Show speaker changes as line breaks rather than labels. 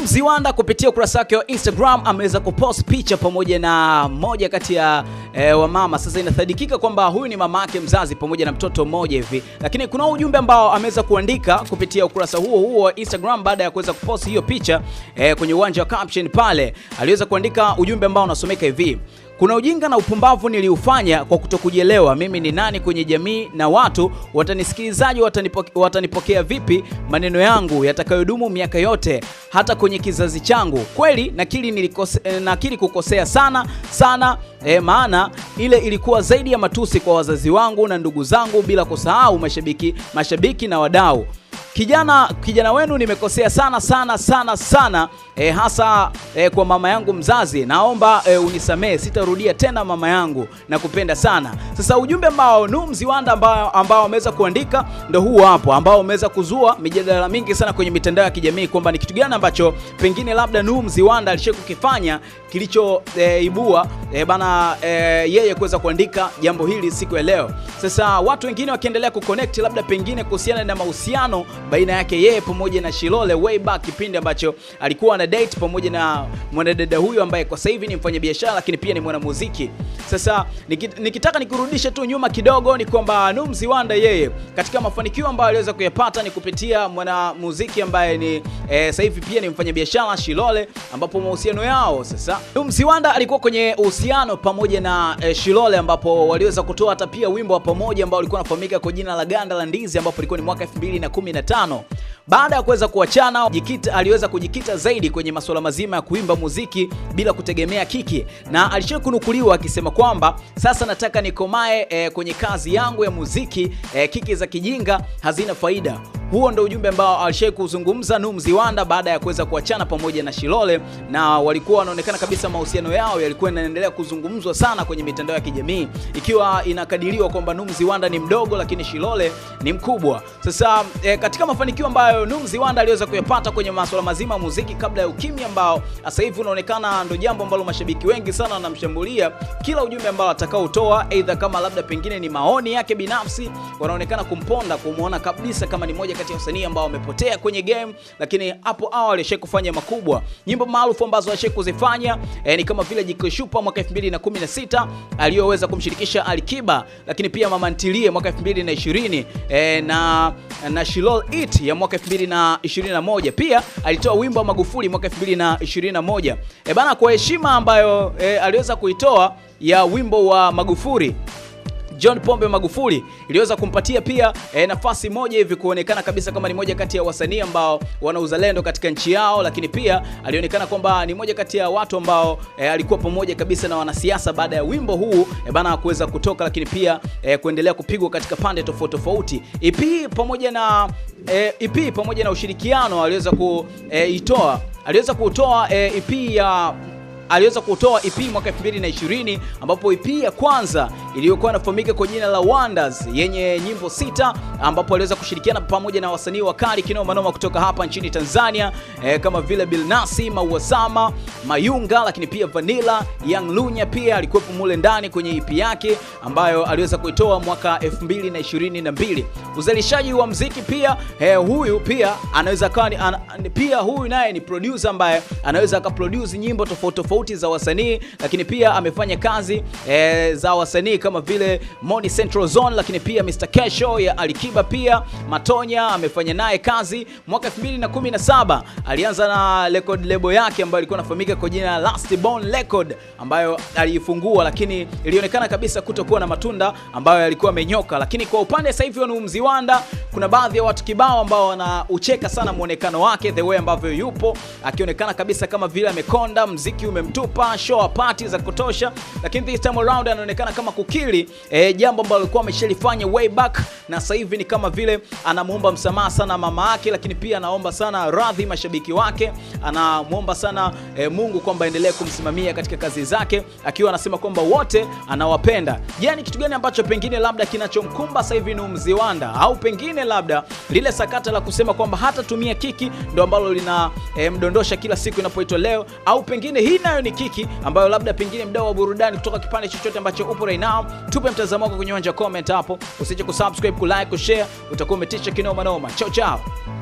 Salum Ziwanda kupitia ukurasa wake wa Instagram ameweza kupost picha pamoja na moja kati ya e, eh, wamama. Sasa inathadikika kwamba huyu ni mama yake mzazi pamoja na mtoto mmoja hivi, lakini kuna ujumbe ambao ameweza kuandika kupitia ukurasa huo huo wa Instagram baada ya kuweza kupost hiyo picha e, kwenye uwanja wa caption pale aliweza kuandika ujumbe ambao unasomeka hivi: kuna ujinga na upumbavu niliufanya kwa kutokujielewa mimi ni nani kwenye jamii na watu watanisikilizaji watanipoke, watanipokea vipi maneno yangu yatakayodumu miaka yote hata kwenye kizazi changu. Kweli nakili nilikose, eh, nakili kukosea sana sana e, maana ile ilikuwa zaidi ya matusi kwa wazazi wangu na ndugu zangu bila kusahau mashabiki, mashabiki na wadau kijana kijana wenu nimekosea sana sana sana sana e, hasa e, kwa mama yangu mzazi, naomba e, unisamehe, sitarudia tena mama yangu, na kupenda sana. Sasa ujumbe ambao Nuh Mziwanda ambao ameweza kuandika ndo huu hapo, ambao umeweza kuzua mijadala mingi sana kwenye mitandao ya kijamii kwamba ni kitu gani ambacho pengine labda Nuh Mziwanda alishe kukifanya kilichoibua e, e, bana e, yeye kuweza kuandika jambo hili siku ya leo. Sasa watu wengine wakiendelea kuconnect labda pengine kuhusiana na mahusiano baina yake yeye pamoja na Shilole way back, kipindi ambacho alikuwa na date pamoja na mwanadada huyo ambaye kwa sasa hivi ni mfanyabiashara lakini pia ni mwanamuziki. Sasa nikitaka nikurudishe tu nyuma kidogo, ni kwamba Nuh Wanda yeye katika mafanikio ambayo aliweza kuyapata ni kupitia mwanamuziki ambaye ni e, sasa hivi pia ni mfanyabiashara Shilole, ambapo mahusiano yao sasa, Nuh Wanda alikuwa kwenye uhusiano pamoja na e, Shilole, ambapo waliweza kutoa hata pia wimbo wa pamoja ambao ulikuwa unafahamika kwa jina la Ganda la Ndizi, ambapo ilikuwa ni mwaka 2015 tano. Baada ya kuweza kuachana jikita, aliweza kujikita zaidi kwenye masuala mazima ya kuimba muziki bila kutegemea kiki, na alishawahi kunukuliwa akisema kwamba sasa nataka nikomae e, kwenye kazi yangu ya muziki e, kiki za kijinga hazina faida. Huo ndo ujumbe ambao alishai kuzungumza Nuh Wanda baada ya kuweza kuachana pamoja na Shilole, na walikuwa wanaonekana kabisa mahusiano yao yalikuwa yanaendelea kuzungumzwa sana kwenye mitandao ya kijamii, ikiwa inakadiriwa kwamba Nuh Wanda ni mdogo, lakini Shilole ni mkubwa. Sasa e, katika mafanikio ambayo Nuh Wanda aliweza kuyapata kwenye masuala mazima muziki kabla ya ukimya ambao sasa hivi unaonekana ndio jambo ambalo mashabiki wengi sana wanamshambulia, kila ujumbe ambao atakaotoa, aidha kama labda pengine ni maoni yake binafsi, wanaonekana kumponda, kumuona kabisa kama ni moja kati ya wasanii ambao wamepotea kwenye game, lakini hapo awali ashai kufanya makubwa. Nyimbo maarufu ambazo ashai kuzifanya e, ni kama vile jikoshupa mwaka 2016 aliyoweza kumshirikisha Alikiba, lakini pia Mama Ntilie mwaka 2020 e, eh, na na Shilol It ya mwaka 2021. Pia alitoa wimbo wa Magufuli mwaka 2021. E eh, bana kwa heshima ambayo e, aliweza kuitoa ya wimbo wa Magufuli John Pombe Magufuli iliweza kumpatia pia e, nafasi moja hivi kuonekana kabisa kama ni moja kati ya wasanii ambao wana uzalendo katika nchi yao, lakini pia alionekana kwamba ni moja kati ya watu ambao e, alikuwa pamoja kabisa na wanasiasa baada ya wimbo huu e, bana kuweza kutoka, lakini pia e, kuendelea kupigwa katika pande tofauti tofauti. EP pamoja na e, EP pamoja na ushirikiano aliweza kuitoa e, aliweza kutoa e, EP ya aliweza kutoa EP mwaka 2020 ambapo EP ya kwanza iliyokuwa inafahamika kwa jina la Wonders yenye nyimbo sita ambapo aliweza kushirikiana pamoja na wasanii wakali kinao manoma kutoka hapa nchini Tanzania e, kama vile Bilnasi, Mauwasama, Mayunga lakini pia Vanilla, Young Lunya pia alikuwepo mule ndani kwenye EP yake ambayo aliweza kuitoa mwaka 2022. Uzalishaji wa mziki pia e, huyu pia anaweza kawa an, pia huyu naye ni producer ambaye anaweza akaproduce nyimbo tofauti tofauti tofauti za wasanii, lakini pia amefanya kazi e, za wasanii kama vile Money Central Zone, lakini pia Mr Kesho ya Alikiba, pia Matonya amefanya naye kazi. Mwaka 2017 alianza na record label yake ambayo ilikuwa inafahamika kwa jina Last Bone Record ambayo aliifungua, lakini ilionekana kabisa kutokuwa na matunda ambayo yalikuwa amenyoka. Lakini kwa upande sasa hivi wa Nuhu Mziwanda, kuna baadhi ya watu kibao ambao wanaucheka sana muonekano wake, the way ambavyo yupo akionekana kabisa kama vile amekonda, mziki ume kutupa show party za kutosha, lakini this time around anaonekana kama kukiri eh, jambo ambalo alikuwa ameshalifanya way back, na sasa hivi ni kama vile anamuomba msamaha sana mama yake, lakini pia anaomba sana radhi mashabiki wake, anamuomba sana eh, Mungu kwamba endelee kumsimamia katika kazi zake, akiwa anasema kwamba wote anawapenda. Yani kitu gani ambacho pengine labda kinachomkumba sasa hivi ni Mziwanda, au pengine labda lile sakata la kusema kwamba hatatumia kiki ndo ambalo lina eh, mdondosha kila siku inapoitwa leo, au pengine hii nayo hayo ni kiki ambayo labda pengine mdau wa burudani kutoka kipande chochote ambacho upo right now, tupe mtazamo wako kwenye uwanja comment hapo. Usije kusubscribe, kulike, kushare, utakuwa umetisha kinoma noma. Chao chao.